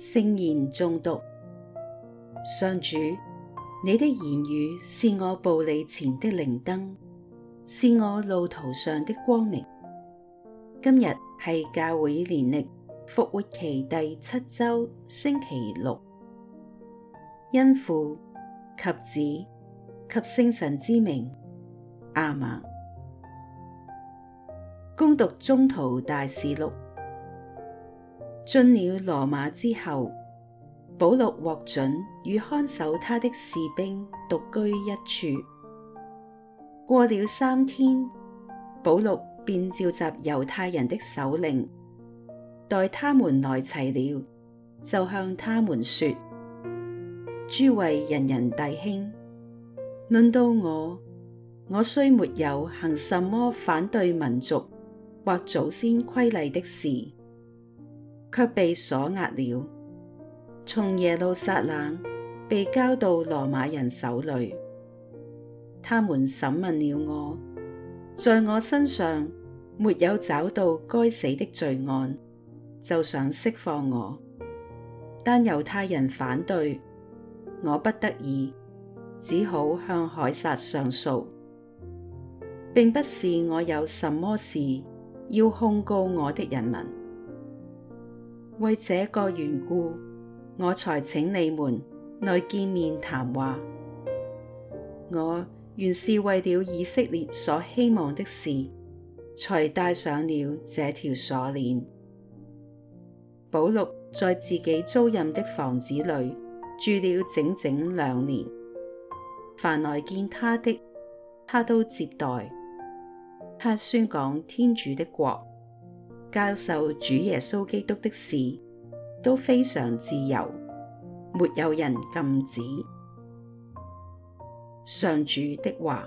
聖言誦讀。上主，你的言語是我步履前的靈燈，是我路途上的光明。今日係教會年曆復活期第七周星期六，因父及子及聖神之名，阿瑪。恭讀宗徒大事錄。進了羅馬之後，保祿獲准與看守他的士兵獨居一處。過了三天，保祿便召集猶太人的首領，待他們來齊了，就向他們說：諸位仁人弟兄，論到我，我雖沒有行什麼反對民族或祖先規例的事。卻被鎖押了，從耶路撒冷被交到羅馬人手裏。他們審問了我，在我身上沒有找到該死的罪案，就想釋放我。但猶太人反對，我不得已，只好向凱撒上訴，並不是我有什麼事要控告我的人民。為這個緣故，我才請你們來見面談話。我原是為了以色列所希望的事，才帶上了這條鎖鏈。保祿在自己租賃的房子裏住了整整兩年，凡來見他的，他都接待。他宣講天主的國。教授主耶穌基督的事，都非常自由，沒有人禁止。上主的話，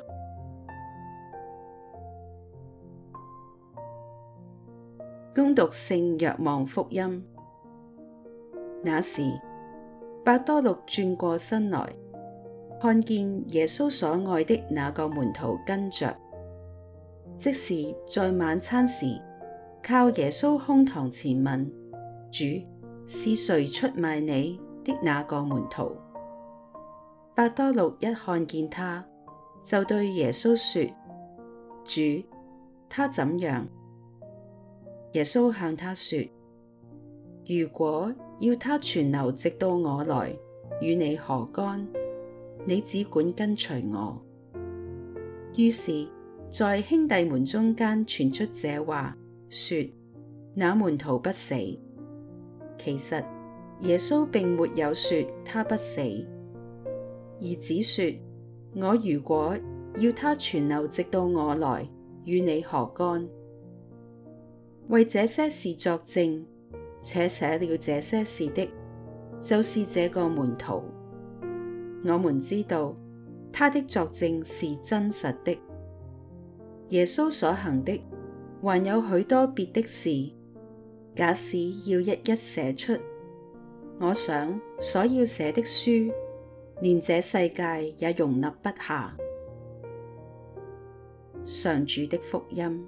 恭讀聖若望福音。那時，伯多祿轉過身來，看見耶穌所愛的那個門徒跟着，即是在晚餐時。靠耶穌胸膛前問主是誰出賣你的那個門徒。伯多祿一看見他，就對耶穌說：主，他怎樣？耶穌向他說：如果要他存留直到我來，與你何干？你只管跟隨我。於是，在兄弟們中間傳出這話。說那門徒不死，其實耶穌並沒有說他不死，而只說我如果要他存留直到我來，與你何干？為這些事作證，且寫了這些事的，就是這個門徒。我們知道，他的作證是真實的，耶穌所行的，還有許多別的事，假使要一一寫出，我想所要寫的書，連這世界也容納不下。上主的福音。